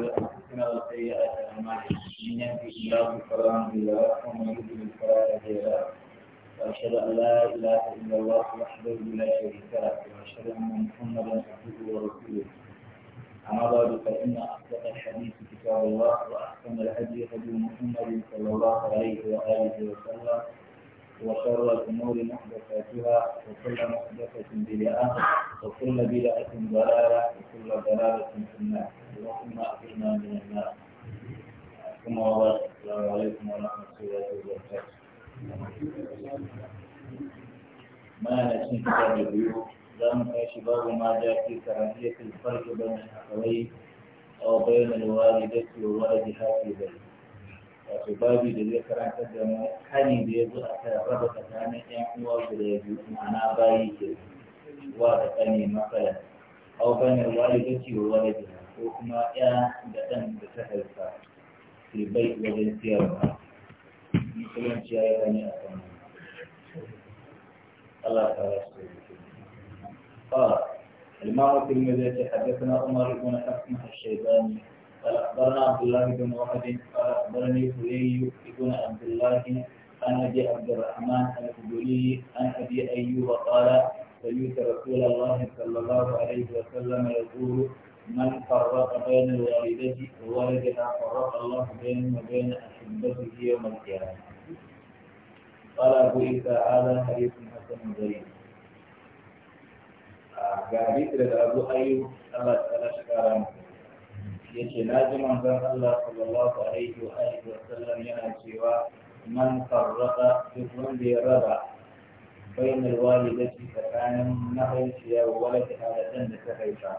الله لازم أن كان الله صلى الله عليه وآله وسلم يرى سوى من فرق شكرا لرضا بين الوالدة فكان نهي سيا ولد هذا نتخيشا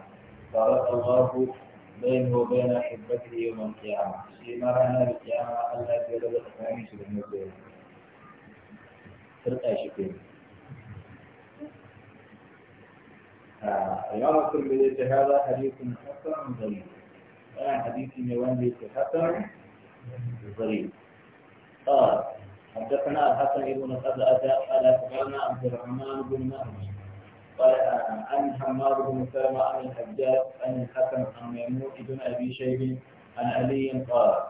فرق الله بينه وبين حبته يوم القيامة سيما رأنا بالقيامة الله جل وعلا فهمي سبحانه وتعالى فرقا شكرا آه. يا رب هذا حديث حسن ضمير آه، حديثي ميوان حسن الضريب قال حدثنا الحسن ابن قبل اتى قال أخبرنا عبد الرحمن بن مهدي قال عن حماد بن سلمة عن الحجاج عن الحسن عن ميمون بن أبي شيب عن علي قال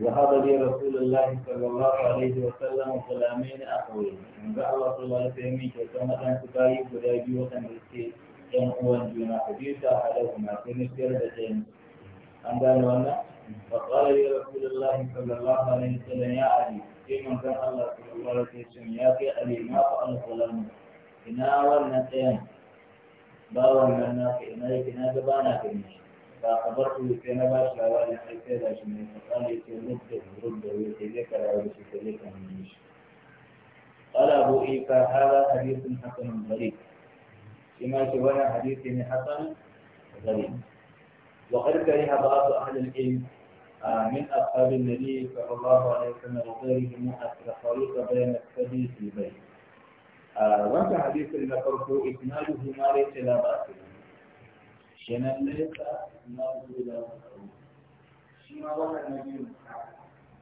وهذا لي رسول الله صلى الله عليه وسلم وسلامين أخوين من الله صلى الله عليه وسلم كما كان تبايع أن وكان yan uwan juna ku biyu ta halauma sai na siyar da ɗayan an gane wannan فقال يا رسول الله صلى الله عليه وسلم يا علي فيما كان الله صلى الله عليه وسلم يا علي ما فعل فلان إنا أولنا تيم باور من ناس إنا يكنا جبانا كنيش فأخبرته كنا باش لأولي حيثي باش من فقال يتلد رد ويتذكر أولي شكريك من نيش قال أبو إيكا هذا حديث حسن غريب فيما سوى حديث حسن غريب وقد كره بعض أهل العلم آه، من أصحاب النبي صلى الله عليه وسلم وغيرهم التفريق بين الثدي في البيت آه، وانت حديث ذكرته إسناده ما ليس لا بأس به شنا ليس إسناده لا بأس به شما وانا النبي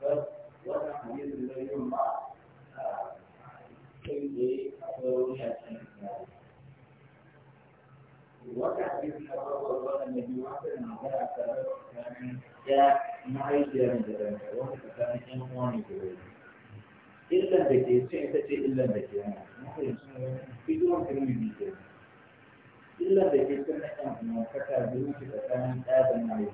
بس وانا حديث الذي يوم ما كيف وتعريف الحرارة والوضع الذي يعبر عن ذلك كان جاء معي جيران جيران وهو كان إنواني جيران إلا بكي سيئتك إلا بكي بدون كلمة بكي إلا بكي سنة أنه كتا بيوك فكان آدم عليه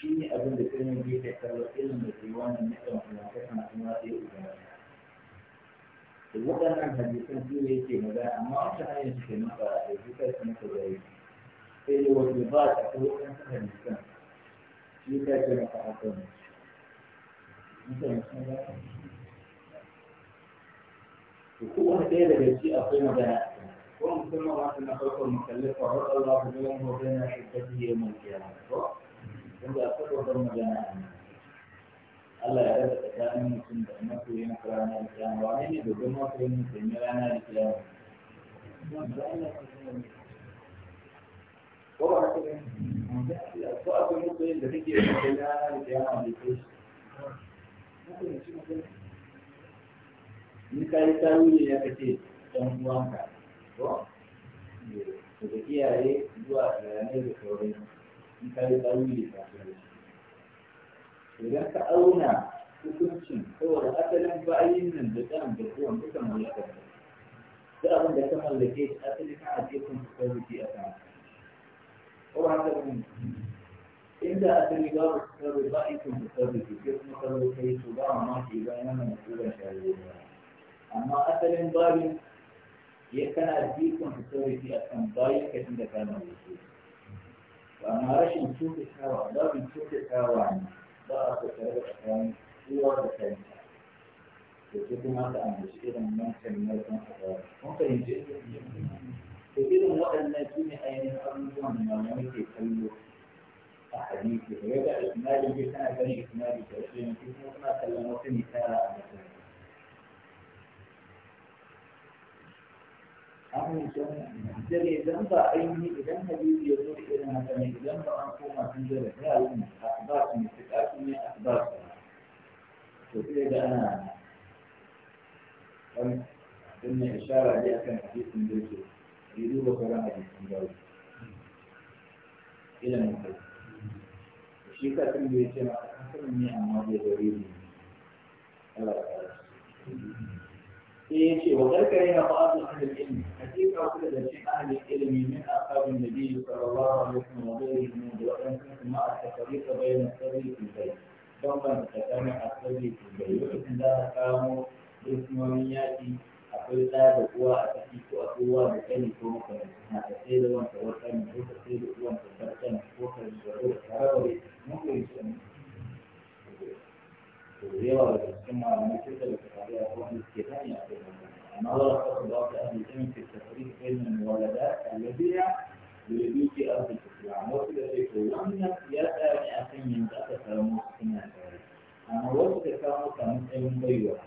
شيني أبن بكلمة بكي كتا إلا بكي وانا نحن نحن نحن نحن نحن نحن waɗannan hadisan su ne yake maza amma wata hanyar su ke maka da zuka su maka zai sai da wani ba a ta waɗansu hadisan shi ka ce maka hakan to kowane ɗaya daga ci akwai magana وهم ثم رأت النقيق المكلف وعرض الله بينه وبين حبته يوم القيامة. عند أكثر ضمن جماعة Allah ya rasa tsakanin mutum da masoyin ranar kiyama wane ne dogon masoyin mutum na ranar kiyama ko ba haka ne ko akwai masoyin da kake yin mutum na ranar kiyama bai kai shi ni ka yi tawuri ya kace dan uwanka ko daga iyaye zuwa bayanai da sauran Ni ka yi tawuri ka sauran idan ka auna hukuncin saboda asalin bayin nan da ɗan da ruwan duka mallaka ne duk abin da ka mallake shi asali kan ajiye kun ka rubuce a kan ko haka ne inda asali ga ku sarri ba in kun ka rubuce sai kuma ka rubuce to ba ma shi ba yana mai tsoron shari'a amma asalin babin ya kana jikon ka sarri a kan bayan ka inda ka mallake amma rashin cutatawa babin cutatawa ne za a tattare da tsakanin kowa da kai da ke kuma ta ambaci irin mancan narkon a tsara kun fahimci to irin waɗannan su ne ainihin abubuwan da malamai ke kallo a hadisi da yadda isnadi ke kana ganin isnadi da rashin kuma kana kallon wata misala a matsayin Jadi idan ba ainihi idan hadisi ya zo da irin haka ne idan ba an koma sun zara ya yi akbar ne fitafi ne akbar to sai da ana wani din ne ishara ne akan hadisin da yake yi duba sauran hadisin gawo ilan mutum shi ka tun da ya ce ma kasan ne amma bai da wuri ne Allah ya kare sai ce wa karkare na fa’adun ahalin ilimi a ke kawo da cin ahalin ilimi min a kawo da biyu karawa a lokacin wanda ya yi da waɗansu su a tattare ta bayan sarri su bai don ban da tattare a sarri su bai lokacin da aka kamo rukunonin yaƙi akwai tsaya da kuwa a tafi ko a kowa da kani ko makarantu na ta sai da wanta wata ne ko ta sai da uwan ta tattalin ko ta zuwa da tarawa ne mun kuma yi sanin وغيره الاسكان على مكتب الاتحادية الروح الاستيطاني النظر خاص أهل العلم في التفريق بين المولدات الذين يريدون في أرض الإسلام وكذا في كولومبيا يدعى أن أكون من ذات كلامه سنة أنا وصلت كلامه كان مسلم بيوه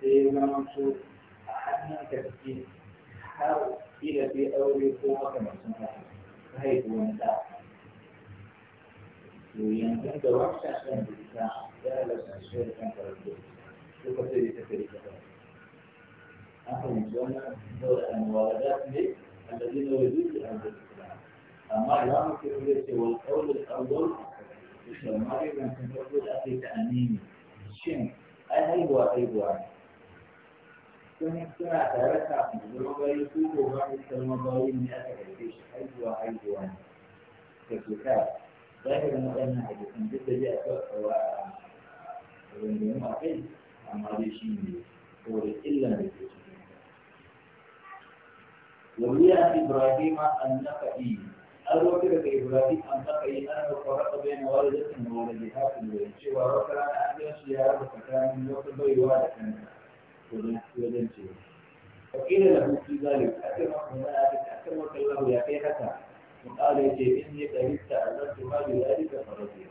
سيما منصور أحدنا كتير حاول إلى في أول قوة كما سمعت فهي ونساء وينتهي وحشة عشان بالإسلام لا لسنا sai da kanka rabu suka sai da kake da kanka an fahimci wannan saboda almuwaladat ne الذين يريدون أن الإسلام أما لا مكتوب والقول الأول ما يمكن أن تقول أخي تأمين شن أي هو أي هو كم كنا تعرف لما بيكون واحد كلمة باين من أكثر ليش أي هو أي هو كذلك ظاهر أن أنا حديث جدا جاء rungumi a kai amma dai shi ne saboda illan da ke cikin وروي عن ابراهيم النخعي الوقت لك ابراهيم النخعي انه فرق بين والدة وولدها في البيت وذكر ان عندها سيارة فكان من وقت بيوالة ودنسي فقيل له في ذلك اكرمك من ذلك اكرمك الله يا كيحتى وقال يجي اني قد استعذبت ما بذلك فرضيه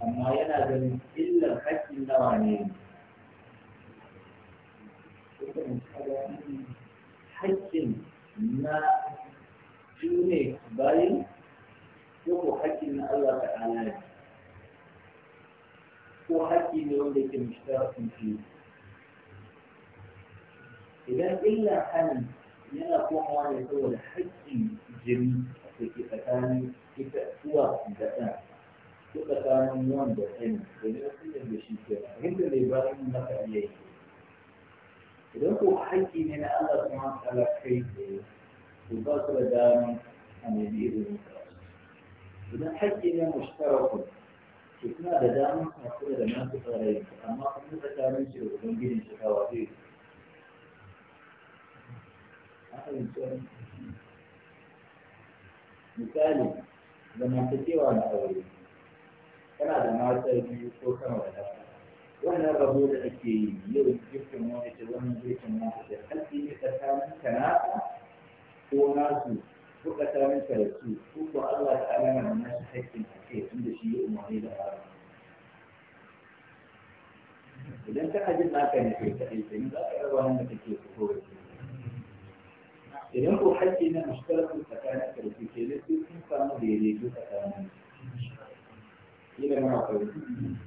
amma yana ganin illar haƙƙin nawa ne haƙƙin na june bayan ko haƙƙin na Allah ta'ala ne ko haƙƙi ne wanda yake mushtarakun fi idan illa hanin yana komawa ne saboda haƙƙin jini da ke tsakanin ita uwa da ɗan su tsakanin wanda kai da ne su da shi ke fahimta da ba su maka iya yi idan ko haƙƙi ne na Allah kuma wa ta'ala kai tsaye to ba su da dama a nemi irin idan haƙƙi ne mushtarakun to suna da dama a kula da nasu tsarayi amma kuma tsakanin shi da ubangijin shi kawa zai misali zamantakewa na aure kana da mata biyu ko kana da dama wannan rabo da ake yi yau girkin wani ce wannan girkin wani ce halki ne tsakanin ka naka ko nasu ko tsakanin ka da su ko ko Allah ta ala na nasu hakkin a kai tunda shi ya umarni da haram idan kana jin naka ne kai kaɗai sai za ka raba wanda kake so ko wace idan ko hakki na mushtarakun tsakanin ka da su ke ne sai sun samu daidaito tsakanin su إلى ما قلت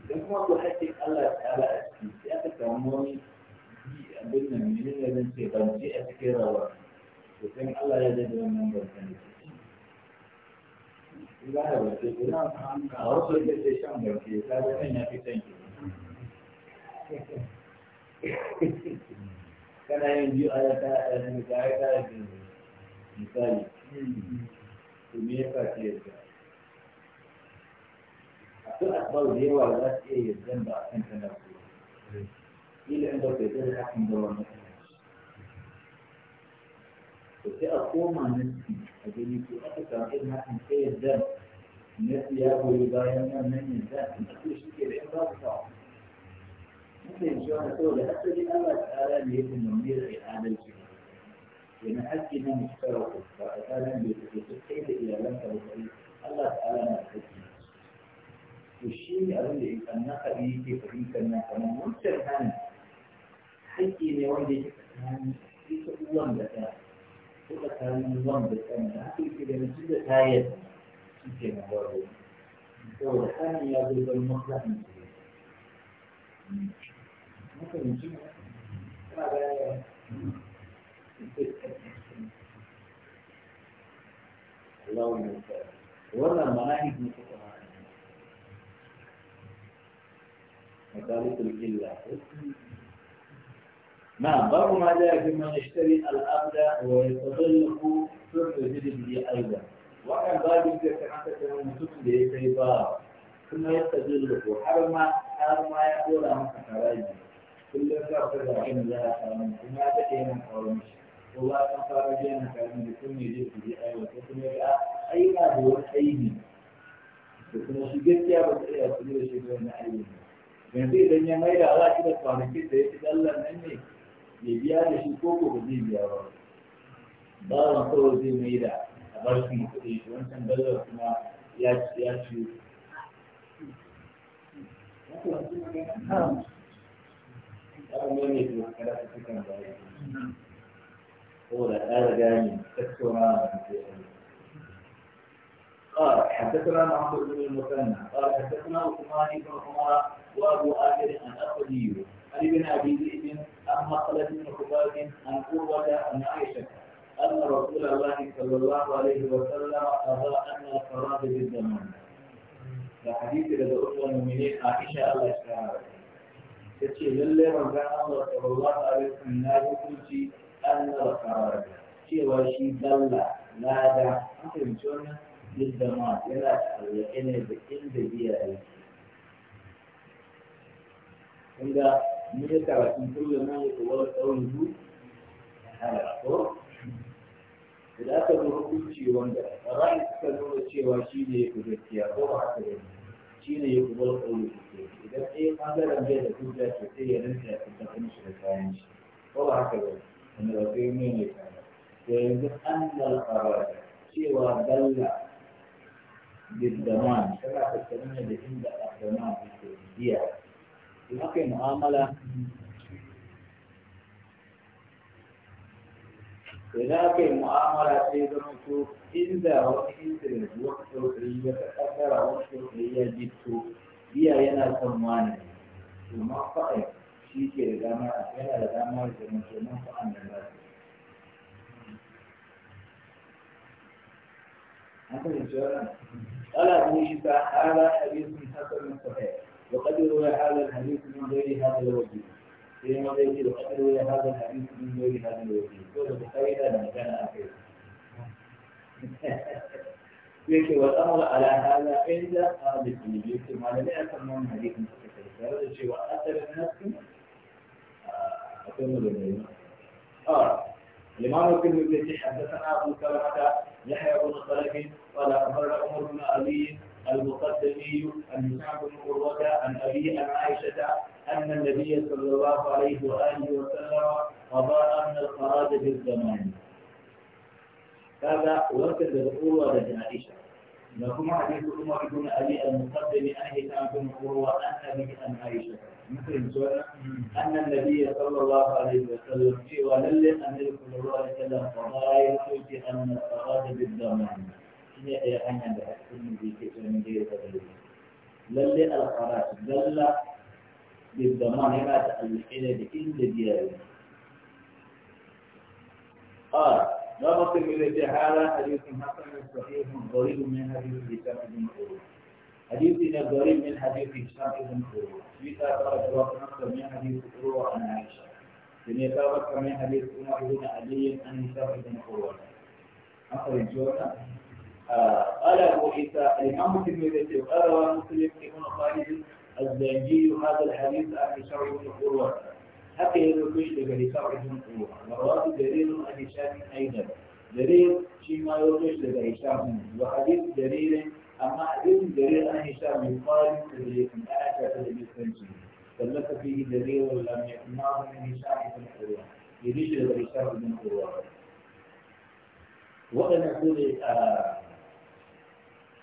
إذا كما تحكي الله تعالى أسكي سيأتك أموني أبنى من إلى أن تبنجي أسكي روا وكان الله يجد من بلتني إذا هذا الشيء أرسل إلى الشام بلتي هذا أين في تنجي كان ينجي على تأثير مثالي ثم يفاتي الكلام أكثر أخبار ديوة ولا إيه الذنب عشان تنافسه إيه اللي عندك يقدر يحكم دور وفي أقوم عن نفسي أجل يكون أكثر كان حكم إيه الذنب الناس يأكل يبايعنا من الذنب أكثر شيء كده إنه صعب ممكن شو أنا أقول حتى دي أبد أرى ليه إنه مير إعادة الجنة لأن حكي ما مشتركه فأتانا بيتكتب إلى لم تبقى الله تعالى ما حكي to shi ne abin da ikan na kabi yake fahimtar na kamar wancan hannu haƙƙi ne wanda yake tsakanin ita uwan da ta ko tsakanin uwan da ta da haka yake da mutum da ta yadda shi ke na waro saboda hannun ya zo don maslahan su ne mutum ji ba ga ya Allah wannan manahij ne ta نعم بعض ما جاء في من يشتري الأبدى ويستغله سر لي أيضا وكان باب يمكن أن تكون مسلم كي باب ثم يستغله حرم حرم يقول عن خرائج كل شخص لكن لا تعلم ما تكينا حرمش والله كان خارجين كان بكل لي أيضا وكما يقع أي ما هو أيدي ثم شجدت يا بدر يا بدر شجرنا yanzu idan ya mai da ala da kwanakin da ya fi dallar nan ne bai biya da shi ko ko ba zai biya ba ba ran kawai zai mai da a bar su kuɗi wancan dalar kuma ya ci ya ci saboda da gane tattaunawa da mutane قال حدثنا معمر بن المثنى قال حدثنا عثمان بن عمر وابو آخر عن أخذي عن ابن أبي ذئب عن مقلة بن خباب عن قوة عن عائشة أن رسول الله صلى الله عليه وسلم اضاء أن الفراد بالزمان الحديث الذي أخوة المؤمنين عائشة الله تعالى تشي للي رجع الله صلى الله عليه وسلم لا يقول أن الفراد شيء وشيء دلة لا دع أنت duk da ma yana tsallake ne da inda biya yake inda mun yi karatun kullum na yi kowar tsawon zu a ko da aka zo hukunci wanda ra'ayi suka nuna cewa shi ne ya fi gaskiya ko ba haka ne shi ne ya fi kowar tsawon zu idan ɗaya ɓangaren bai da hujja ke sai ya rinta ya fi tafi shi da kayan shi ko ba haka ne wanda ba sai mai ne kayan to yanzu an da alƙarar cewa dalla بالضمان كما تتكلمنا بهم الضمان في السعودية المعاملة إذا هناك معاملة سيدنا نشوف إذا وقت إنترنت وقت شرعية تقدر وقت شرعية جبته بيا ينا ثمانية ثم فقط شيء كده ما أنا لا ما زمان زمان فأنا لا أنت الجواب قال ابن شباح هذا حديث حسن الصحيح وقد روي هذا الحديث من غير هذا الوجه في مضيق وقد روي هذا الحديث من غير هذا الوجه يقول بخير هذا كان اخيرا يكي والامر على هذا عند هذا الدليل يكي ما لم يكن من حديث الصحيح هذا الشيء واثر الناس آه, آه، الامام الكلمه التي حدثنا ابو سلمه يحيى بن خلف قال أخبرنا عمر بن أبي المقدمي عن مصعب بن قرة عن أبي عن عائشة أن النبي صلى الله عليه وآله وسلم قضى أن الخراج في الزمان هذا وكذا الأولى لدى عائشة لكم حديث عمر بن أبي المقدم عن هشام بن قرة عن أبي عن عائشة أن النبي صلى الله عليه وسلم في ولل أمير يقول الله كذا يقول في أن الصلاة بالضمان هي أي أن يكون من كتاب غير لل الخراج دل بالضمان يعني ما تألفين بإن ديالي قال لا ضابط من هذا حديث حسن صحيح غريب من حديث كتاب بن حديثنا قريب من حديث هشام بن عروة في تابعت وقت من حديث عروة عن عائشة لم يتابعت من حديث عمر بن علي عن هشام بن عروة أخرج جونا آه، قال أبو عيسى الإمام الترمذي قال مسلم بن خالد الزنجي هذا الحديث عن هشام بن عروة حتى يروي لك هشام بن عروة ورواه جرير عن هشام أيضا جرير شيما يروي لك هشام وحديث جرير أما أبين دليل أن هشام يقال كذلك من أعشى كذلك الفنجي فلك فيه دليل لم يكن ناظر من هشام بن عروة يريد إلى هشام بن عروة وأنا أقول آه،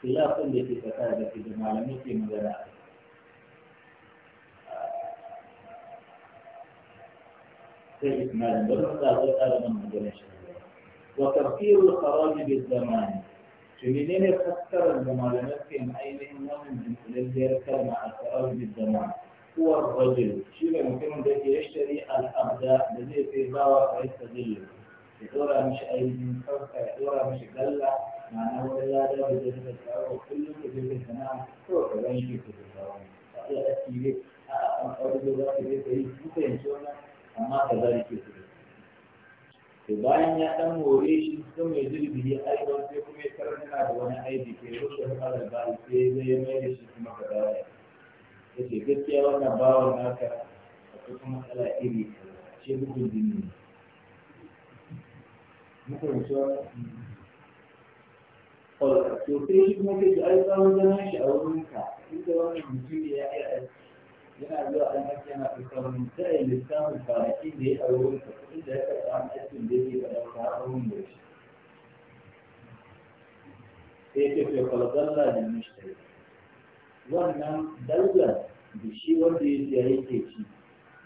خلاف التي تكاد في جمال آه، في مدراء سيد مالك بن عروة وتركير الخراج بالزمان to menene fassarar da malamai ke ainihin wannan jinkulalliyar kalma a tsarar bidama kuwar rajul shi ne mutumin da ke yashari al'abda da zai sai bawa a yi tsadillu ya dora mishi ainihin farka ya dora galla ma'ana wani lada da zai da tsawo kullum da zai sana ko ka gan shi ka tsawo a ne za amma ka ke to bayan ya dan more shi sun mai zurbi ya aiwa sai kuma ya karanta da wani aibi ke rushe fadar bayi sai zai mai da shi kuma ka dawo ya ce gaskiya wannan bawan naka kuma matsala iri ce bugun jini muka rufe to sai shi kuma ke ji aiwa wajen shi a wurinka inda wannan mutum ya yi aiki yana zuwa an haka yana fitar mun sai lissafin kwanaki da ya aure ta inda ya karɓa an aikin da yake da ɗauka a wurin da shi sai ke fiye kwalzalla da mishtari wannan dallar da shi wanda ya siya yake ci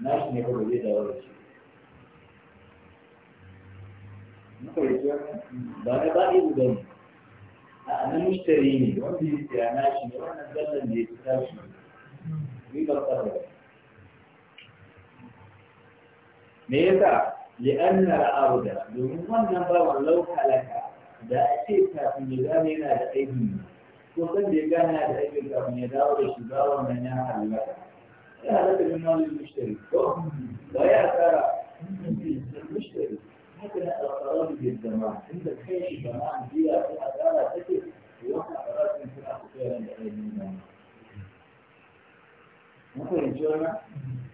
na shi ne kawai zai dawo da shi muka yi ba na ba ibu ba a nan mishtari ne wanda ya siya na shi ne wannan dallar da ya fi tashi لأن الأرض لمن نظر ولو لك دائتك في نظامنا لأيهم وقد لقانا دائتك في نظام الشباب ومن يحب لك يا لك من نظر المشتري ويا ترى المشتري حتى نأخذ في الزمان عند كيش زمان فيها في حتى لا تكف ويوقع في الأخير لأيهم muka yanci wannan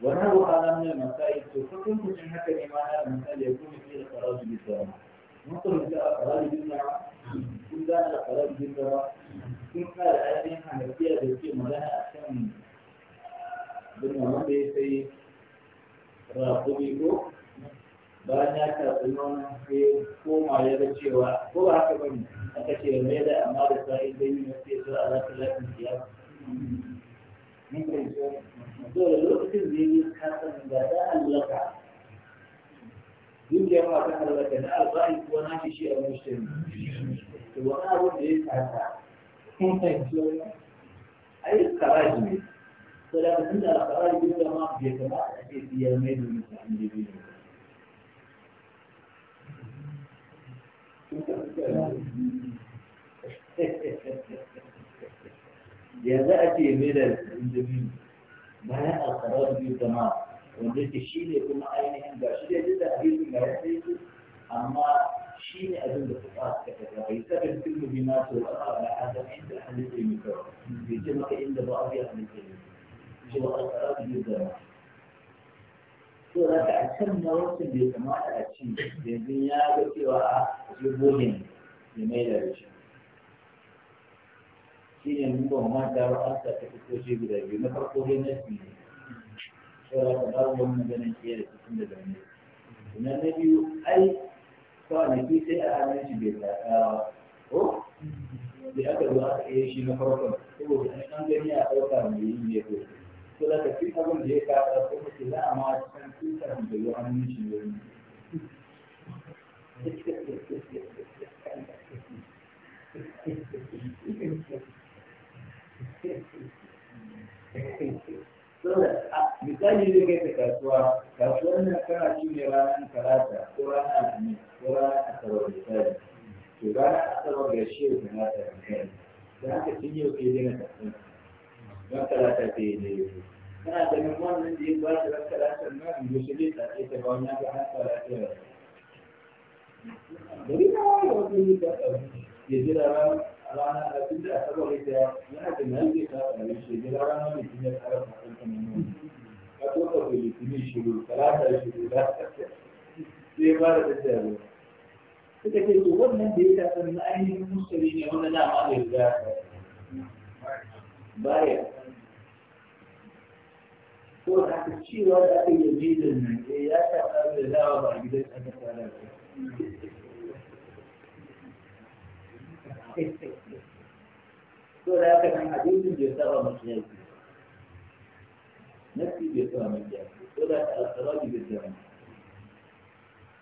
wani abu ala min masai to kullum kucin haka ne ma na misali ya kuma fi da faraji bi sama muka yanci a faraji bi sama kun gane da faraji bi sama kun kare ainihin hanafiya da ke magana a kan bin wanda ya sai rakumi ko bayan ya karɓi nonon sai koma ya ga cewa ko ba haka ba ne aka ce mai da amma da sa'in dai ne sai su a zata lafiya dole lokacin da yi kasan da ta halaka duk da yawa ta halaka na alba'i kuwa na shi a mushin to wani abu da ya kasa a yi karaji ne so da mutum da karaji duk da ma bai kamata a ce biyar mai da mutane da biyu Thank you. يأتي من الاندمين ما أقرار بيوتنا وانده تشيلي كما أيني هم قاشلية جدا أهيز ما يحديث أما شيني أدون دفقات كتبا ويسابن كل مبينات وقرار على هذا عند أهل الإيمكا يجمك عند في أهل الإيمكا جوا أقرار بيوتنا سورة أكثر نوت بيوتنا أتشيلي بيوتنا أتشيلي بيوتنا أتشيلي بيوتنا أتشيلي بيوتنا shi ne mun ba manta ba an sa ta fito shi guda biyu na farko dai na shi ne shawara ta babu wani maganin ke da cikin da zaune na na biyu ai kwanaki sai a hannun shi bai tsaka ko da aka zo aka iya shi na farkon saboda an an gani a ɗauka mai yin ne ko to da ka fi abin da ya kaɗa ko mace za a ma cikin tutar da ya hannun shi ne Thank you. misali zai kai ta kasuwa kasuwar nan kana ci ne ranar talata ko ranar alhamis ko ranar asabar misali to ranar asabar da shi yau talata misali da haka tun yau ke daina kasuwa don talata ta yi da yau kana ganin wannan da ya ba ta ran talatar nan yau shi zai tsaye ta ba wani ga ta talata da gari na wani wasu yi ta ya jira ranar suka ce to wannan da ya tafi na ainihin muskari ne wanda dama bai riga baya ko da haka cewa da aka yi jidin nan eh ya tafi da dawa ba a gidan aka tsara ba to da haka nan hadisin bai saba mutiyar nafsi bai saba mutiyar to da haka alkarabi bai saba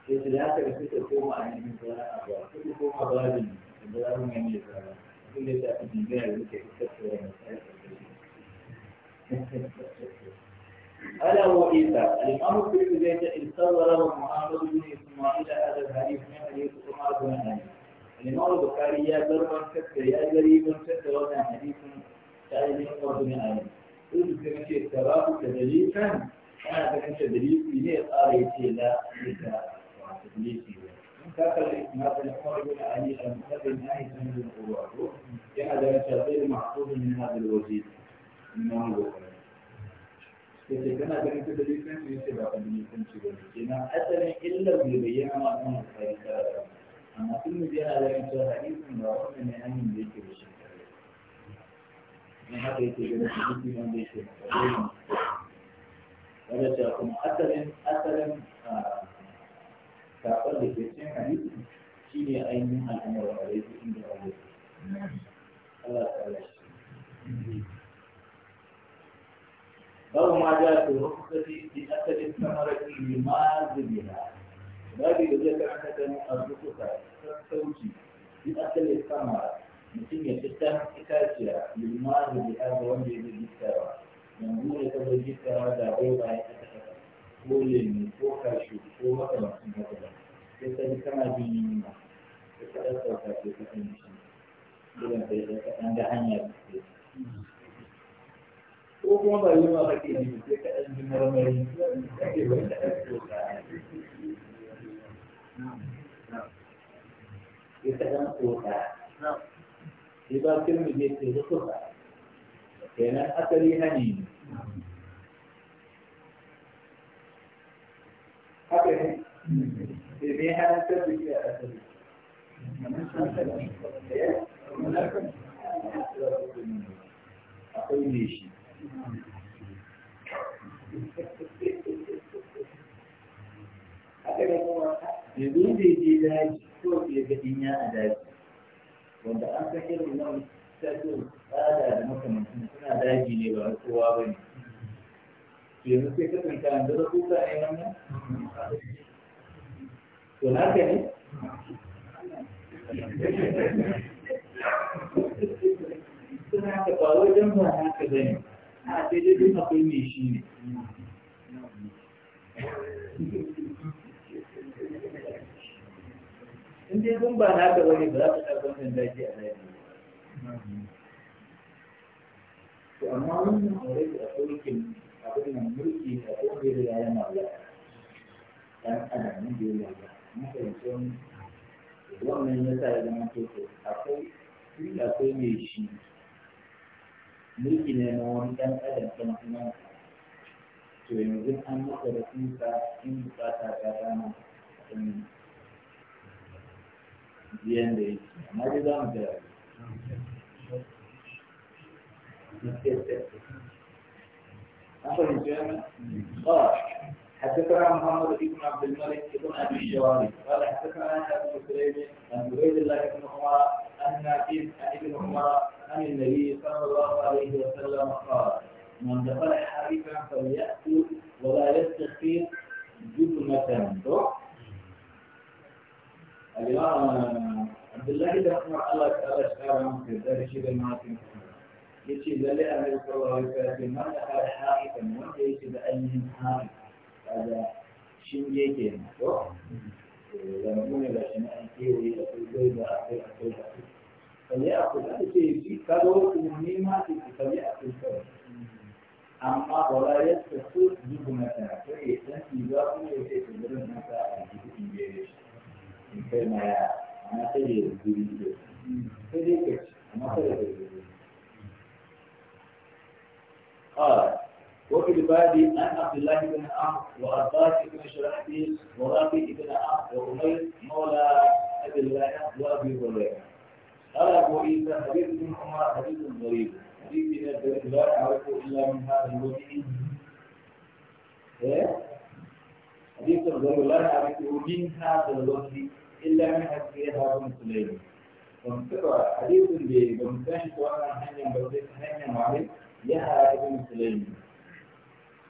sai su da haka da suka koma a yankin sauran abuwa suka koma babin da za mu yanke sauran sun da ta fi jingina da muke tattara masu ألا هو عيسى الإمام الكبير زيد إذ صور له محمد بن إسماعيل هذا الحديث من حديث عمر بن حنيفة الإمام البخاري يا دربان كتر يا غريبا كتر وانا حديث تعالي قرض من آية قلت كما شيء التراب كدليل فهم أنا فكنت دليل في ليه قال يتي لا ليس تدليل في كاكل مثلا عمر بن علي المقدم ناهي من القرآن هذا غير محفوظ من هذا الوزير الإمام البخاري sai kana ganin ta dalilin su yace ba dalilin su ba kenan asalin illar bai bayyana ma amma sun mu biya alaƙin cewa hadisin ba wannan ne hanyar da yake da shi in haka yake gani su duk wanda yake wanda cewa kuma asalin asalin saƙon da ke cin hadisi shi ne ainihin al'amar wa alaihi inda wa Allah ta ala shi babu ma ja to hukuka ji bi asalin samarar ilmi ma zubi na babi da zai karanta da mu a rubuta sassauci in asali sama mutum ya fitar itaciya limani da ya ga wanda ya zai gittawa yanzu ne ta zai gittawa da bai bayan ta kasa ko lemu ko kashu ko makamancin haka ba sai ta ji kana bin yunwa ta kaɗan sauka ce ta kan shi irin ta yi kaɗan da hanya ta ce ko kuma ba yunwa kake ji sai kaɗan ji marmari kake bai kaɗan sauka يتهم إذا كلمة جيت تخرج كان أتري هنين أتري في حالة تبكي أتري أقول ليش أتري هو domin bai je daji ko bai ga dinya a daji wanda an san irin nan tattalin tsada da makamancin suna daji ne ba kowa ba ne yanzu sai ka tsinka an zara kuka ne wannan to na ka ne suna ka ba wajen ba na ka zane a sai dai duk akwai mai shi ne dai sun ba na naka wani ba za ka ɗaga wannan daji a daji to amma wannan aure da mulkin abin nan mulki da aure da ya yi mawuya dan adam ne da ya Mun yi makarantar wannan ya sa ya zama toto akwai tun akwai mai shi mulki ne na wani dan adam kan kuma to yanzu an maka da kunsa in bukata ta dama biyan da yake amma dai za mu حدثنا محمد بن عبد الملك بن أبي الشواري قال حدثنا أبو سليم عن عبيد الله بن عمر أن عن ابن عمر عن النبي صلى الله عليه وسلم قال من دخل حريفا فليأكل ولا يستخير جبنة الإمام عبد الله بن عمر الله تعالى شكر عنك ذلك شيء ما كان يجي لله أن يذكر الله ويكاتب ما لها حائطا وانت يجي بأيهم حائط هذا شيء يجي لما قلنا لأشياء أنتي يقول بيضا أكل أكل أكل فليأكل هذا شيء في كالور مهمة فليأكل كالور أما ولا يستطيع جبنة فإذا في ذلك يتدرون أنت أن تكون بيضا قال وفي الباب عن عبد الله بن عمرو وعباس بن شرحبيل ورافي بن عمرو وعمير مولى ابي الله وابي هريره قال ابو عيسى حديث ابن عمر حديث غريب حديث لا نعرفه الا من هذا الوجه حديث غريب لا نعرفه من هذا الوجه إلا من أسرها بن سليم ومسكرة حديث بمسان سواء هنيا بسيط هنيا معلم يحيى بن سليم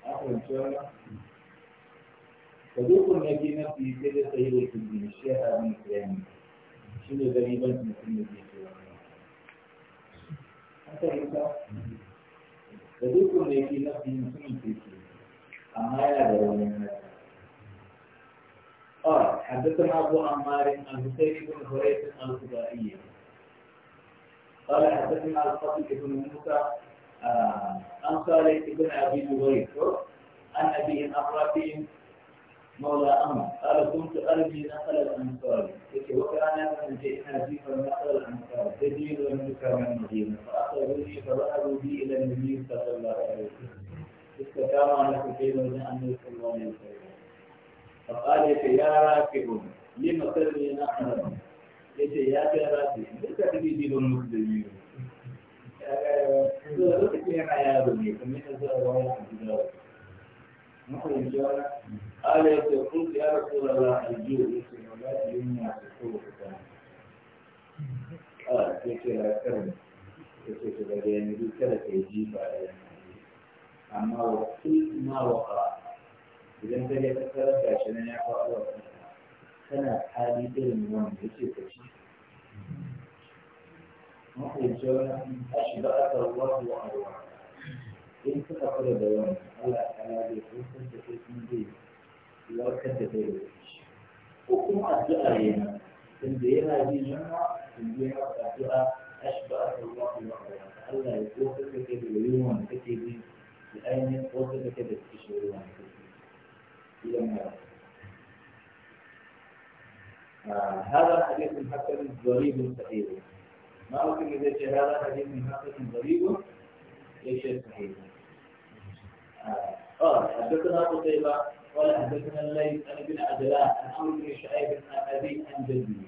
أخرج شوانا صدوق المدينة في كذا سيدة الدين الشيخ بن سليم شنو غريبا في مسلم صدوق المدينة في مسلم أما يا دولة قال حدثنا أبو عمار عن حسين بن هريرة الخزاعي قال حدثنا القاسم بن موسى آه، عن خالد بن أبي زبير عن أبي أمراتهم مولى أمر قال كنت ارجي نقل الأنصار وكان من جئنا في فنقل الأنصار تجيل وملك من المدينة فأخذوني فذهبوا بي إلى النبي صلى الله عليه وسلم استقام على كثير من أمر صلى الله عليه وسلم فقال يا راكب لما ترمي نحن yace ya ga rafi duka kake jibin musulmi ne da duka ne na yaro ne kuma ina zuwa wani abu da mutum ya ala ya ce kun ya rasu da la aljiyo ne ta ce a ce ya da idan ka je ka ga shi nan ya faɗo a kana hali irin wanda yake ka ci mafi wani a shiga aka wasu wa arwa in suka fara da wani Allah ta labe ko san da kai sun zai warkar da kai ko kuma addu'a ne na inda yana ji yana inda yana addu'a أشبهك الله بأخرى ألا يكون لك بالعيون كتبي لأين يكون لك بالتشعير عن كتبي إلى النار هذا حديث حسن غريب صحيح ما ممكن إذا هذا حديث حسن غريب ليس صحيح آه، قال حدثنا قتيبة قال حدثنا الليث عن ابن عجلان عن عمرو بن شعيب عن أبي عن جدي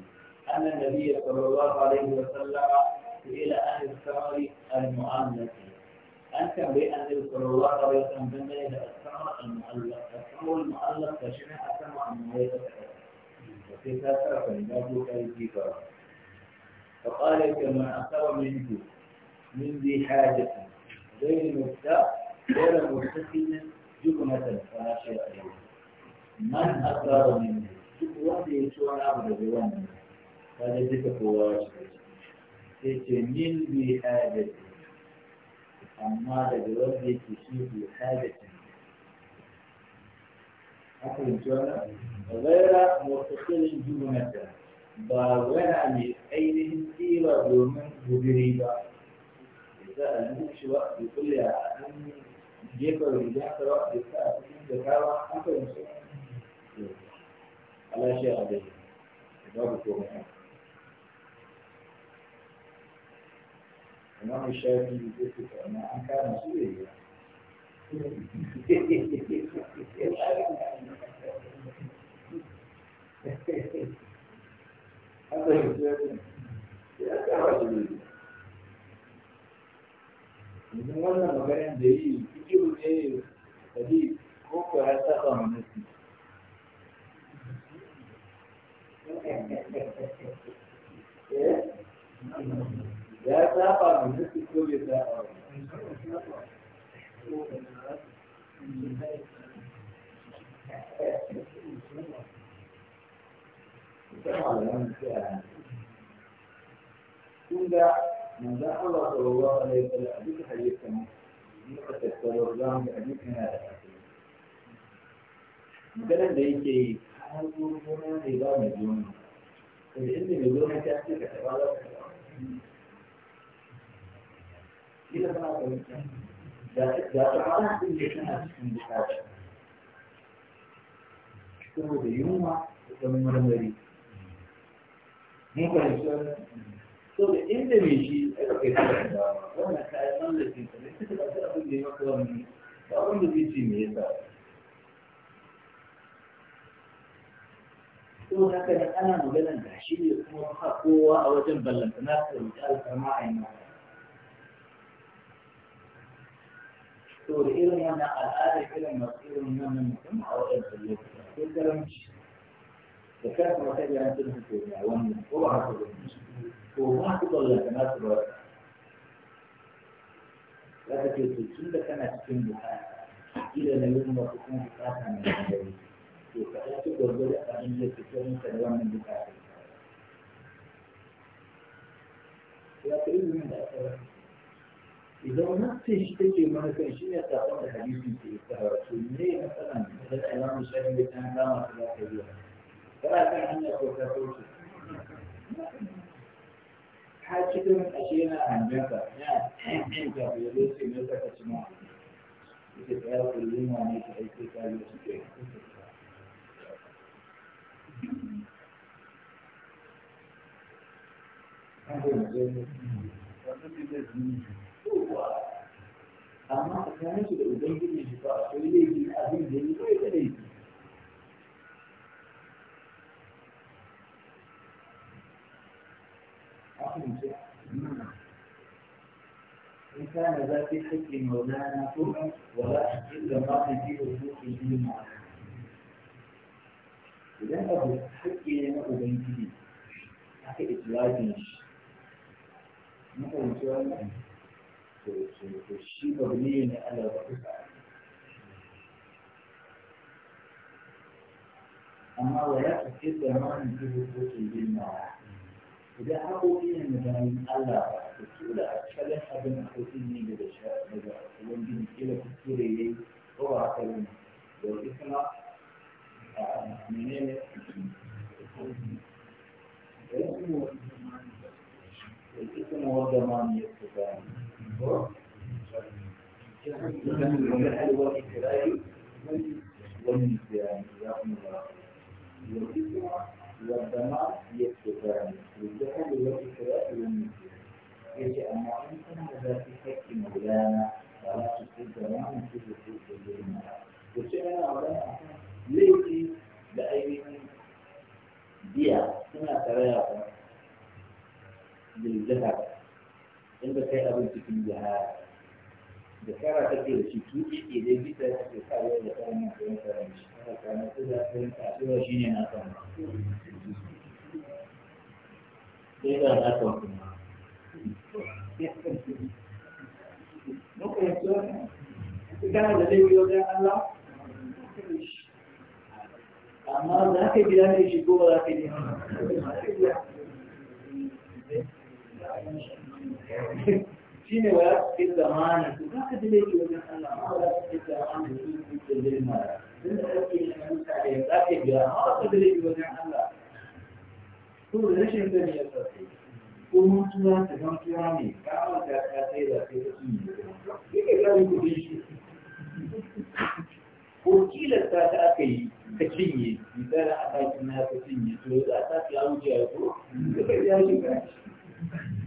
أن النبي صلى الله عليه وسلم سئل عن الثمر المؤنث أكثر بأن يذكر الله رضي الله عنه بما يدى أسمع المؤلف أسمع المؤلف فشنا أسمع من يدى أسمع وفي تاسر فنجاب لك فقال كما أسمع منك من ذي حاجة غير مفتاء غير مفتسين جمعة فناشي أجل من أقرار منه وقت يشوان عبد الجوان هذا ذكر هو واجب من ذي حاجة amma daga wanda yake shi bai hajjata haka yanzu wani gaira motsakirin jubunata ba wani mai ainihin tsira domin guduri ba za a nufi ba da kulle a hannun gefen riga sarawa da sa a cikin da kawa haka yanzu ala shi a dai babu komai haka não enxergue esse tema. A cara não se veio. Então, olha, não ganha daí, o que eu vejo ali, qual que é essa forma, assim? É? Não. ya saba mu nufi ko bai saba kun ga manzan Allah sallallahu alaihi wasallam a duka hadisan muka tattaro za mu ga duka yana da maganar da yake yi har gurgurna ne ba mai zuwa da inda mai zuwa ta ce ka taɓa za ka taɓa ولكن يجب ان انا مجددا شيء يكون حقوق او جنب الامتناع في المجال الفرماعي to da irin wannan al'ada irin masu irin wannan mutum a waɗanda ya fi karanci da kansa wata jiran cin su ke da wannan ko ba haka ba to ba su ballanta na su ba za ka ce to tun da kana cikin bukata ila na yin masu kuma bukata mai gari to ka ɗauki gwargwaro abin da ke kiran ka da wannan bukata ya ka ilimin da aka rasa إذا نفسي ما من الكيشية تعطى الحديث في التهرسول سنية مثلا مثل الإمام الشافعي كان لا مثلا كبيرة فلا كان عندي أقول كفوت حاجة من أشينا عن جنبك يعني أنت في ليس ملك تسمع يتقال كلنا عن إيه؟ أي كتاب يسكت Thank you. kowa amma a kayan su da ubangiji shi ba su yi laifi abin da ya yi da laifi إن كان ذا في حق مولانا فرع ولا إلا ما في وجوه الجمعة idan abu haƙƙi ne na ubangiji aka itlafin shi na fahimci wannan الشيء مبني على الرفع أما ولا تكيد زمان في وقوت الجنة إذا أبو إيه مدام الله تقول أشكال أبن أخوتيني بدشاء بدشاء ومجن إلى كثيري هو أكلم والإسمع منين الاسم والضمان يستفاني والدماء يكتبان والجهل والإكراء والنسيان يجب أن أنتم ذات حق مولانا فلا تكون تماما في الحقوق والجريمة وشأنا أولانا ليس لأيهم بيع سنة ثلاثة بالذهب inda kai abin cikin jihar da kara take da shi tuki ke dai bisa da ke sa da kayan kayan kayan shi kara da kayan kasuwa shi ne na kan sai da na kan kuma da biyo Allah amma gida ne ba za ka yi shi ne wa ya fi zamana su za ka dole ki wajen Allah amma ba za ka fi zamana su su ke girma tun da kake yin mutane za ka biya amma ba ka dole ki wajen Allah ko da rashin sani ya sa sai ko mutuwa ta gamsuwa ne ka awa ta ka sai da sai da su ne shi ne ka rubu da shi ko tilasta ta aka yi ka cinye misali a ɗakin na ka cinye to za ta fi auki a ko ka ya shi ka shi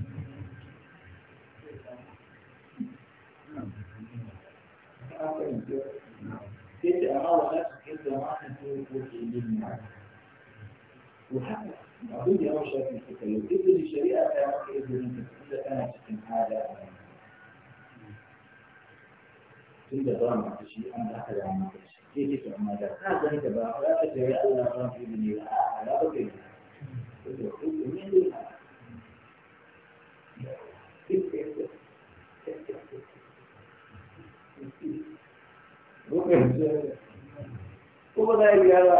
haka in ce sai ce amma wa nasu ke da matan ko ko ke yin na وهذا أقول يا رب شايف التكلم إذن الشريعة لا يمكن إذن إذا كانت استنهادا تلك ضامة شيء أن لا تدع ما كيف تعمل هذا أنت بقى لا تدعي ألا ضام في بني لا لا بقي من دونها kuma za a yi yara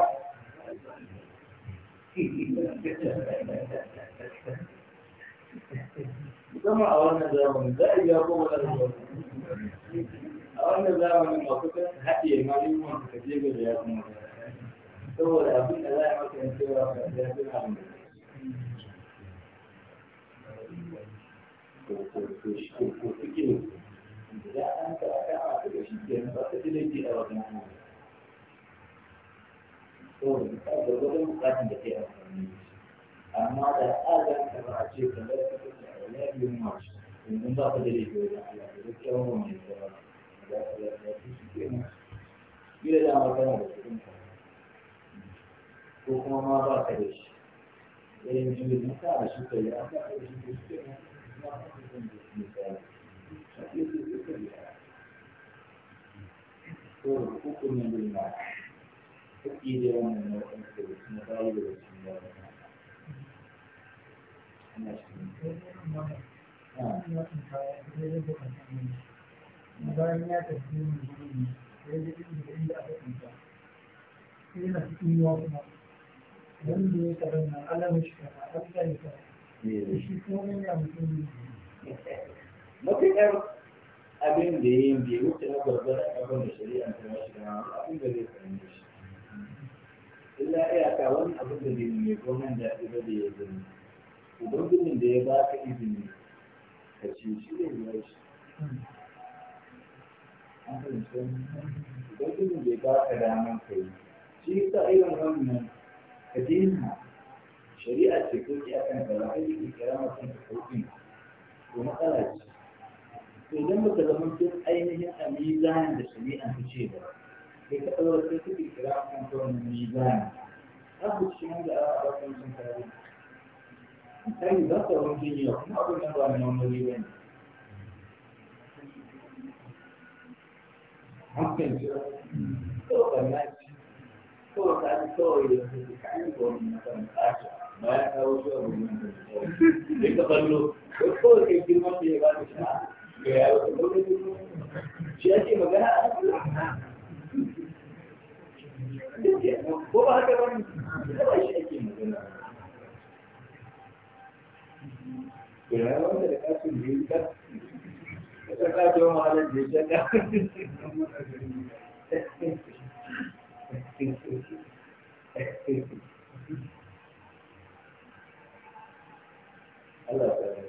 musamman a wannan zamani za a yi yara kuma za a a wannan zamani masu kan haɗe ma yi wanda ka je ga ya kuma saboda abin da za a maka yin cewa ka ya fi hannun ko ko ko ko ko ko ko ko ko ko ko ko ko ko ko shi ke ba ka ji laifi a wajen hannu to ka gwargwadon bukatun da ke amfani da shi amma da tsarin ka ba a ce ka laifin da alayyar mace domin ba ka da laifi wajen Allah da duk yawan wani da ba Ya ka laifin shi ke mace gida da magana da cikin ka ko kuma ma ba ka da shi irin jirgin ka da shi kai an ba ka da shi ke mace kuma ka da shi ke mace ko hukumin bilma kuɗi da da da wasu na bayan da inda abin da yin bai wuce na gwargwada abin da shari'a ta ba shi dama abin da zai fahimci shi illa iyaka wani abin da zai mai gwamnan da ya da ya zama ubangijin da ya baka izini ka ce shi ne ya shi an fahimci ubangijin da ya baka daman ka yi shi sa irin wannan ka dina shari'a ce ko ki akan gaba kai ki kira mutum ka kauɗin ko matsala ce to idan baka zama sun ainihin a mizanin da shari'a ta ce ba sai ka ɗaura sai suke kira kan kawai mizani abu cikin wanda a ba su mutum tare misali za su wani jini ba kuma abin nan ba mai mamari ba ne hankali ce kawai ɓarna ce kawai ta ji kawai da su ka yi ga wani nasarar ƙasa bayan kawo shi a wani nasarar ƙasa duk da kallo kawai kai girman da ya ba da sha'a shi ake magana a ba ba da ka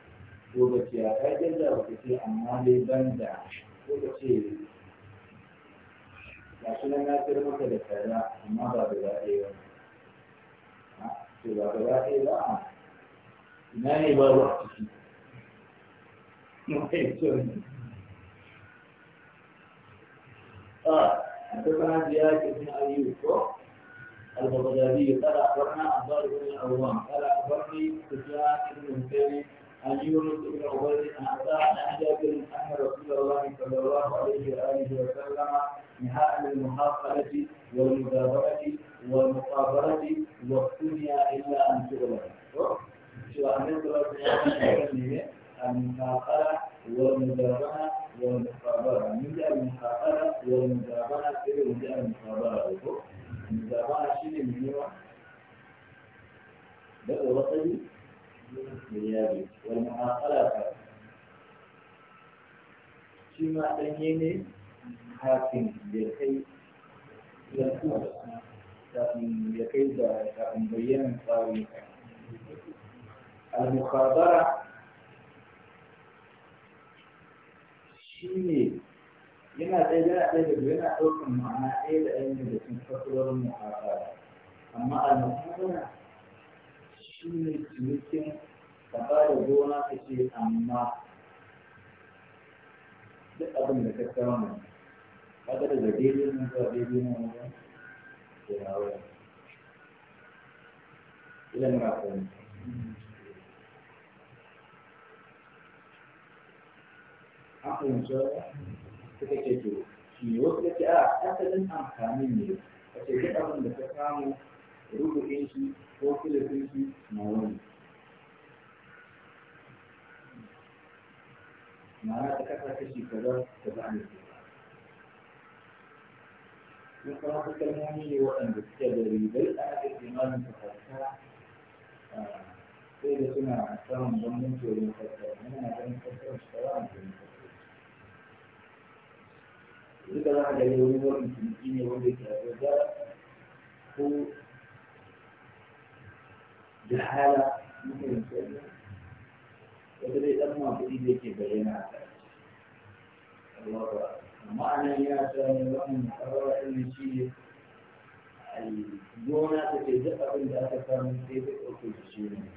ko ba ce a ƙaƙin da ce amma dai ban da ko ba ce ga nan na tsir maka da kaza amma ba da za ɗaya ba ba da za ɗaya ba ina ne ba ba a ciki قال حدثنا زياد بن ايوب البغدادي قال اخبرنا عبد الله بن الاوام قال اخبرني سفيان بن مسلم عن يونس بن عبيد حتى عن جابر ان رسول الله صلى الله عليه واله وسلم نهاء المحاصره والمدابره والمقابله والدنيا الا ان تغلب. شو عملت المحاقرة والمدابرة والمقابلة من المحاقرة والمدابرة في من المقابلة المدابرة شنو من يوم؟ بدأ وصلي باليابس والمعاقلة فيما تنين حاكم بالكي يكون لكن يكيد لكن بيان طريقة المخابرة شيني yana ɗaya yana ɗaya da yana ɗaukar ma'ana ɗaya da ɗaya da sun fasarar mu'amala amma al-mu'amala shi ne cinikin ka ba gona ka ce amma duk abin da ka kawo mai kaga daga daidai nan zuwa daidai nan wajen da na wajen ilan rafin an fahimci wata suka ce to shi wasu da ke a asalin amfani ne كذا تبعنا في قراءة الكلامي وأن بالتدري بل أنا الإمام فقرتها إذا كنا عسرهم ضمنت والمفكر أنا كان مفكر مش كلام في المفكر إذا واحد يقول لي في الدين يقول لك هذا هو بحالة مثل مثلا وتبي أما بدي ذيك بينات ma'ana ya sami wannan karara ɗin shi ne gona ta ce duk abin da aka samu sai ta ɗauke da shi ne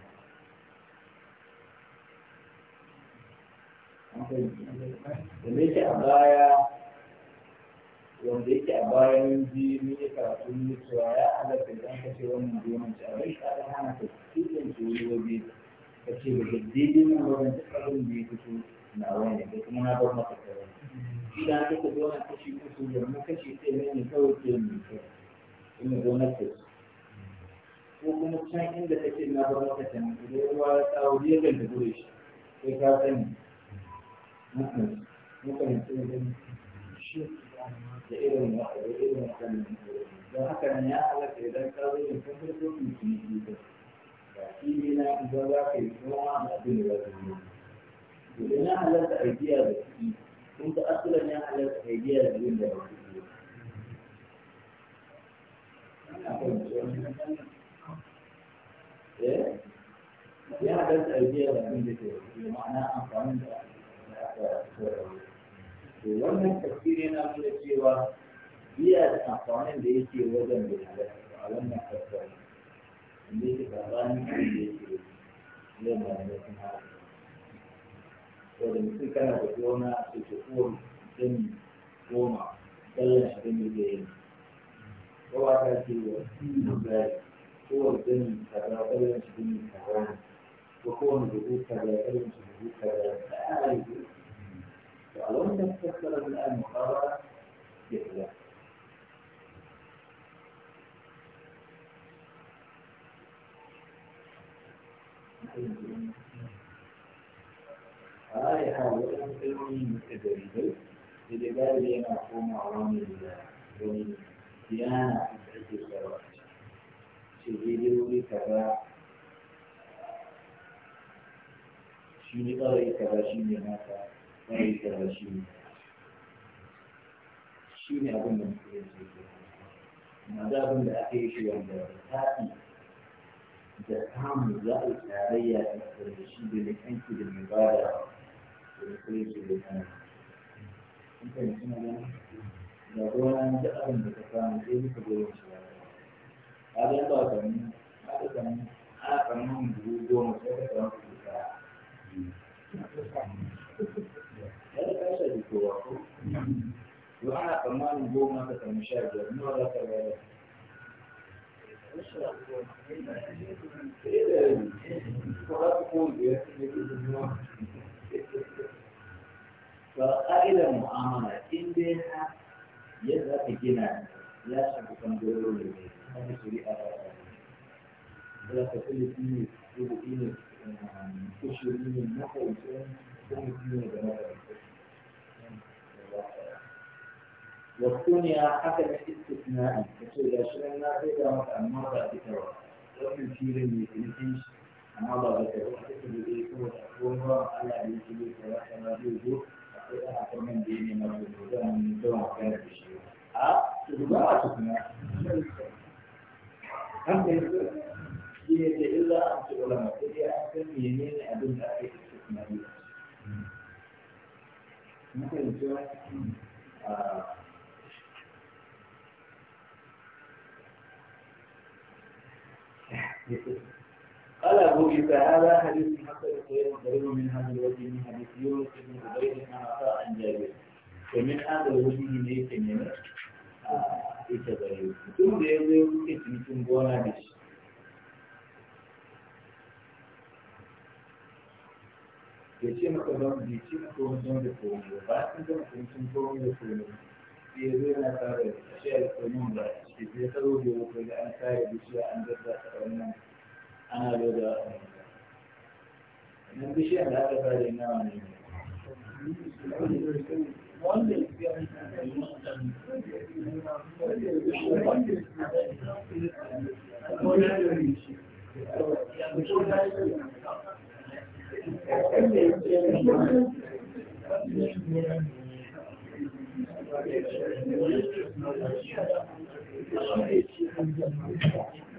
da me yake a baya wanda yake a bayan ji mun yi karatu ne cewa ya halatta da aka ce wannan gona ce abin da aka hana ka cikin tsoro waje ka ce ba daidai nan wajen duk abin da ya fito nawa ne da kuma na bar maka kawai shi ne kawai ke mai kyau in mu zauna ko kuma can inda take na bar maka can idan ruwa ya tsawo ya ganta gure shi sai ka sani mukan mukan tsoron shi da irin da irin wannan don haka nan ya halatta idan ka zo yin kan farko mutum ne ba na idan za ka yi noma da abin da za idan ya halarta a biya da kuɗi kun ta asilan ya halarta a biya da yin da kuɗi ya halarta a biya da yin da kuɗi ma'ana amfani da aka wannan tafsir yana nuna cewa biya da amfanin da yake wajen da halarta a wannan tafsirin inda yake tsakanin da yake yin da kuma to da mutum kana da gona a cikin kowane mutum goma sallan abin da zai yi kowa ta ce wa zai kowane mutum kaza sallan abin da kaza ko kowane dubu kaza sallan dubu kaza da ana yi to a lokacin tattara da al-muqara ya tsaya Thank you. a ya hawa wajen kalmomi masu garibai da da galibi yana komawa wani da wani yana da ake sarwa ce daidai wuri kaza shi ne ɓarai kaza shi ne nata ɓarai kaza shi ne shi ne abin da muke yin sai na da abin da aka yi shi wanda tafi da samu za a yi tarayya da shi da mai kanki da mai bada da gona da abin da ka goma ta ka samu ana samun dubu ka samu ya da ka ko ka samu biyar nawa za ka فقائل المعاملة إن بها يذهب الجنان لا شك تنظرون إليه هذه شريعة ولا تقل فيه ربعين عشرين نحو إنسان خمسين بنفر والدنيا حكم استثنائي فإذا شرنا فإذا مرة بتوى ومن في رمي في amma ba da kai ba take da zai kuma da ruwan ruwan Allah da yake yi kaza kaza zai zo akwai ana kan nan da yake na da zan mun zama da shi a to ba a tukuna an da yanzu shi ne da illa an ce ulama sai dai san menene abin da ake tukuna ne muka yi cewa Thank قال أبو إذا هذا حديث حتى يقول قريب من هذا الوجه من حديث يونس بن عبيد ما أعطى عن جابر فمن هذا الوجه من أي كلمة إذا قريب ثم يقول إذن ثم بولا بش يشين قدام يشين قدام يقول باتن قدام يشين قدام يقول يزيد أثار أشياء كمون بس يزيد أثار يقول أثار بشيء عند الله سبحانه ana loda nan bishiyar da aka fara yana ne. Thank you.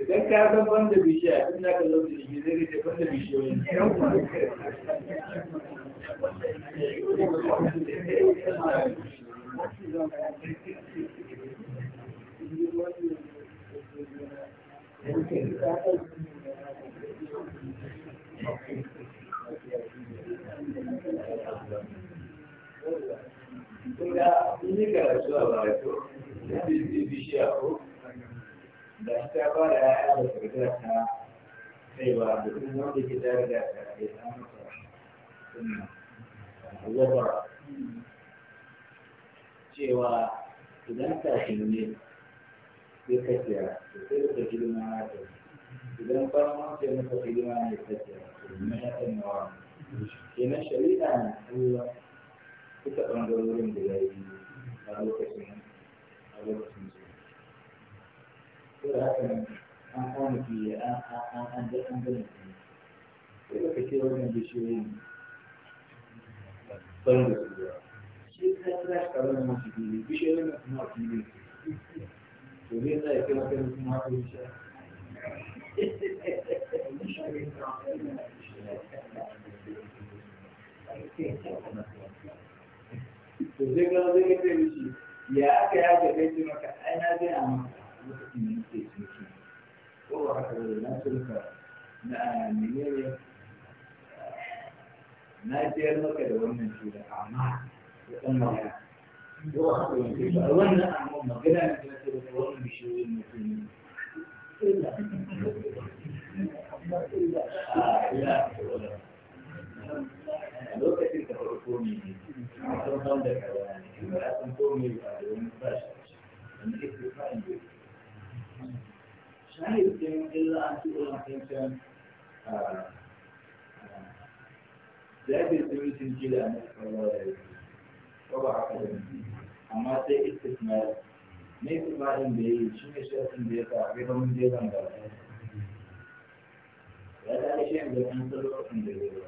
idan ka da banda bishiya tun da ka zo da shi zai rike banda bishiyoyi Thank you. Tunda in yi karatu a ko da shi ta fara ya da karkara ta kaiwa da kuma wanda ke da riga ta ta Cewa idan ta shi ne sai ka siya, sai da ta na ta. Idan farmon sai maka girma ne ta siya, to ne ya tsanyawa. Kenan shari'a na Allah duka ɓangarorin da ya yi a lokacin a lokacin su da haka an kama ki an an an da an gani sai da kake wannan bishiyoyin ban da su da shi ka kira shi karon masu fili bishiyoyin da kuma a fili ne ya Thank you. to sai ga zai ga sai shi ya aka ya ga kai maka ai na ga amma lokacin da nake ciki ko ba haka da na sulka na menene na jiyar maka da wannan da amma ya dan maka ko haka da wannan amma magana ne da ta da wannan bishiyoyin mutum ne ah, lokacin da farko ne شاهد إلا أن تقول أنت ذاك الدروس الجيل أن الله وضع أما تي استثمار ليس بعدين بيه شو يشوف من ديتا غير من ديتا مدرسة هذا شيء من أنت لو من ديتا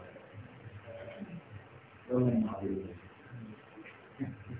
ومن ما ديتا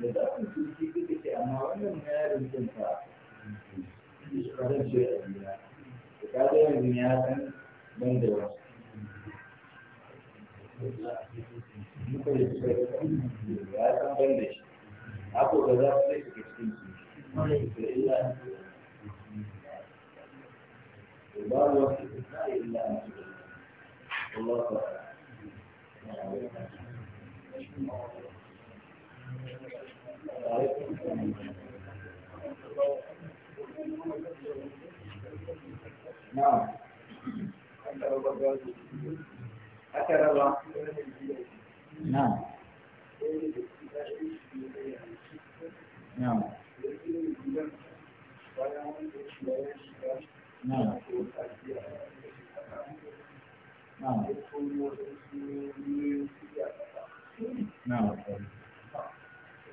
da za ku tuki kuka ce amma wannan a gida ka da wasu da cikin babu wasu da illa na Thank you. No.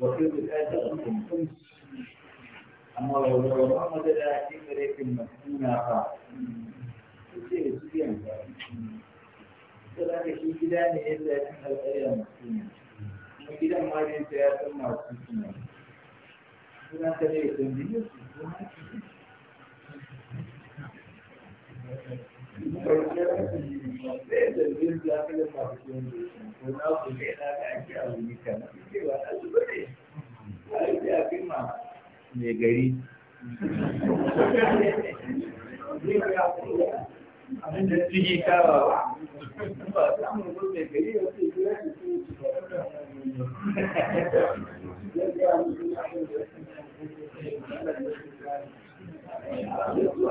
وكيف الآية أنتم خمس أما لو رمضان لا تفرق المسكونة قال كثير سكين فلك شيء كده إلا تنهى الآية المسكونة وكده ما mai gari abin da ciki kawa ba samun mai gari ya ce ya ce ya ce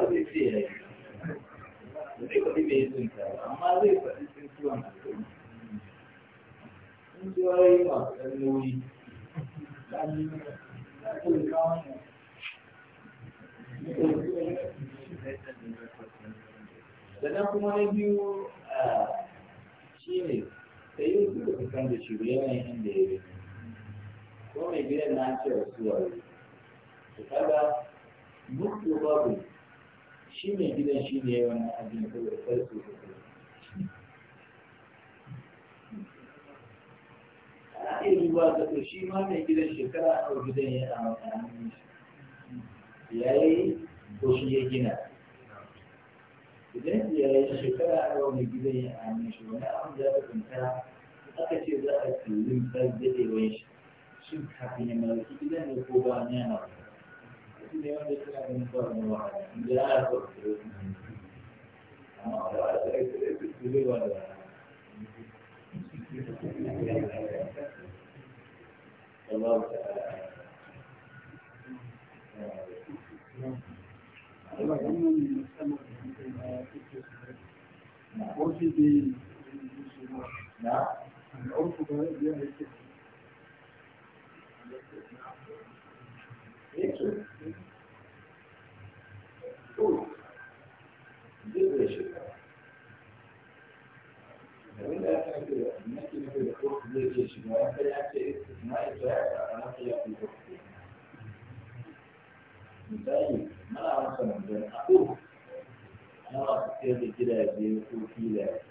shirye ne inda ya yi ko mai gidan na ce su ne to kaga mutu babu shi mai gidan shi ne wani abin da kawai farko da kuma ana iya duba da to shi ma mai gidan shekara a ɗau gidan ya a makarantar ya yi ko shi ya gina idan ya yi shekara a ɗau mai gidan ya a makarantar wani abin da ya kunta aka ce za a kalli daɗewar shi shin kafin ya ne ko ba ne yana shi ne wanda suna ba wani ya da wasu amma ba a da ake da ake da Allah ta'ala misali mana masa manzan a ko ana masu sayar da gidaje ko filaye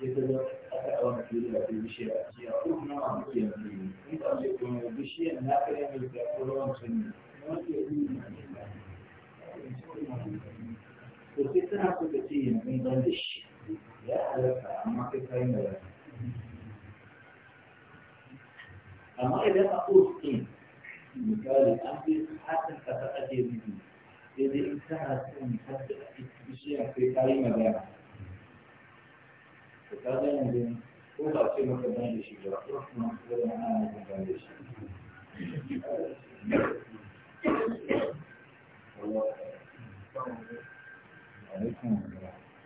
sai ta ga aka ɗawa na fiye da kai bishiya a cikin ko kuma a mutu ya fi in ka ce kuma bishiya na ka yi mai da ko rawan sun ne na ke yi na ne to sai tana so ta ce yanzu ban da shi ya halatta amma kai ka yi mai amma idan a ƙos ɗin misali an fi hatin ka ta ake biyu sai dai in tana son hatta bishiyar kai ka yi magana 在那边多少积分可以去取？多少积分可以拿？可以去取。我忘了。啊，你看这个，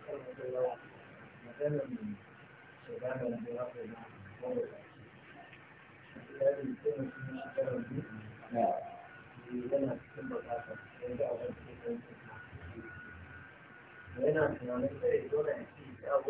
看到这个，我真的是简单的对话非常困难。现在一天的时间都很难。对啊，你真的不知道怎么评价我们这个公司。我呢，平常的作业多的，要我。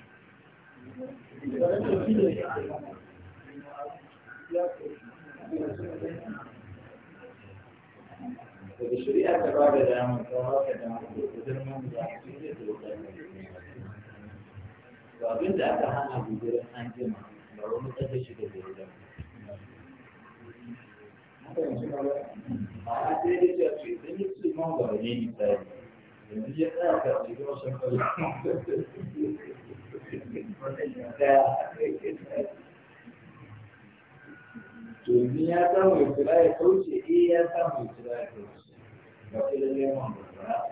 da shari'a ta ba da damar ta haka damar da girman da abin da aka hana gudunar an jima ba wani tsaka shi da zai da a sai da cewa su idan yi su ma ba ne misali yanzu ya tsaya ka su gama kawai to ni ya samu ya kira ya kauce eh ya samu ya kira ya kauce ba sai da ya mun ba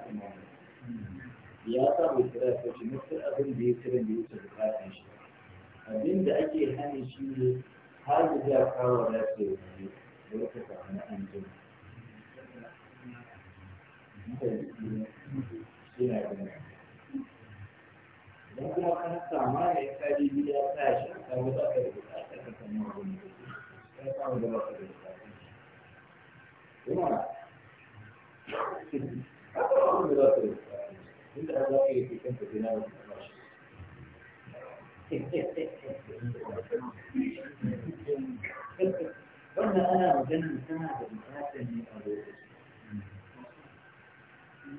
ya samu ya kira ya kauce mutum abin da ya kira da ya wuce bukatun shi abin da ake hani shi ne har da ya kawo da ke wani da wata samu na an jima yana da in kuma kan sama ne ka yi gida ta shi ta wuta ka yi ta ta ka samu abin da ka samu da ba ka da ta kuma ka samu abin da ba ka da ta inda za ka yi cikin ka gina da ta shi wannan ana maganin tana da bukatar ne a lokaci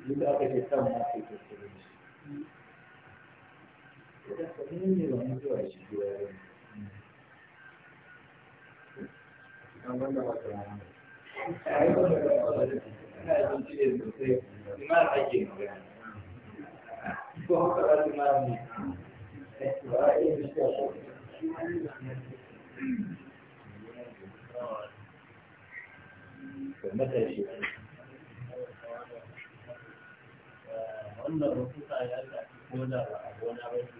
duk da aka ce samun ake tattalin shi matashi wannan rukuta ya zafi ko da ba a gona ba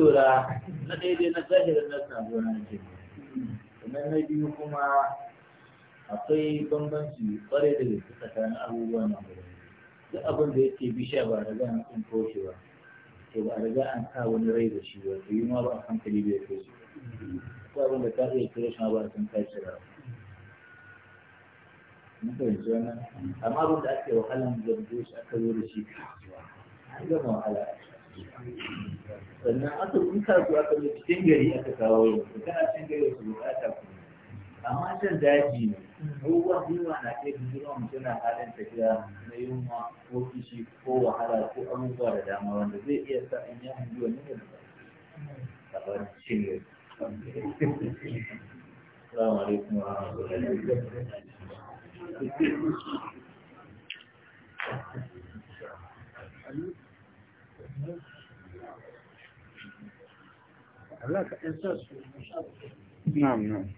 lura na daidai na zahirin na sabuwar na ce sannan na biyu kuma akwai bambanci kwarai da gaske tsakanin abubuwa na guda duk abin da yake bisha ba riga an tsin toshe ba to ba riga an sa wani rai da shi ba to yi ma ba a hankali da ya kai shi ko abin da ka iya kira shi ma ba a san kai shi ba mun fahimci wannan amma abin da ake wahalan zargo shi aka zo da shi kasuwa an gama wahala a su sannan aka kusa su aka cikin gari aka kawo yau kana cikin gari su bukata ku amma can daji ne abubuwan na iya bijirwa mutum na halin tafiya na yunwa ko kishi ko wahala ko abubuwa da dama wanda zai iya sa in ya hangi wani ne da ba a cikin gari alaikum wa rahmatullahi wa barakatuh. Ala ka ɗan sa su. Na'am na'am.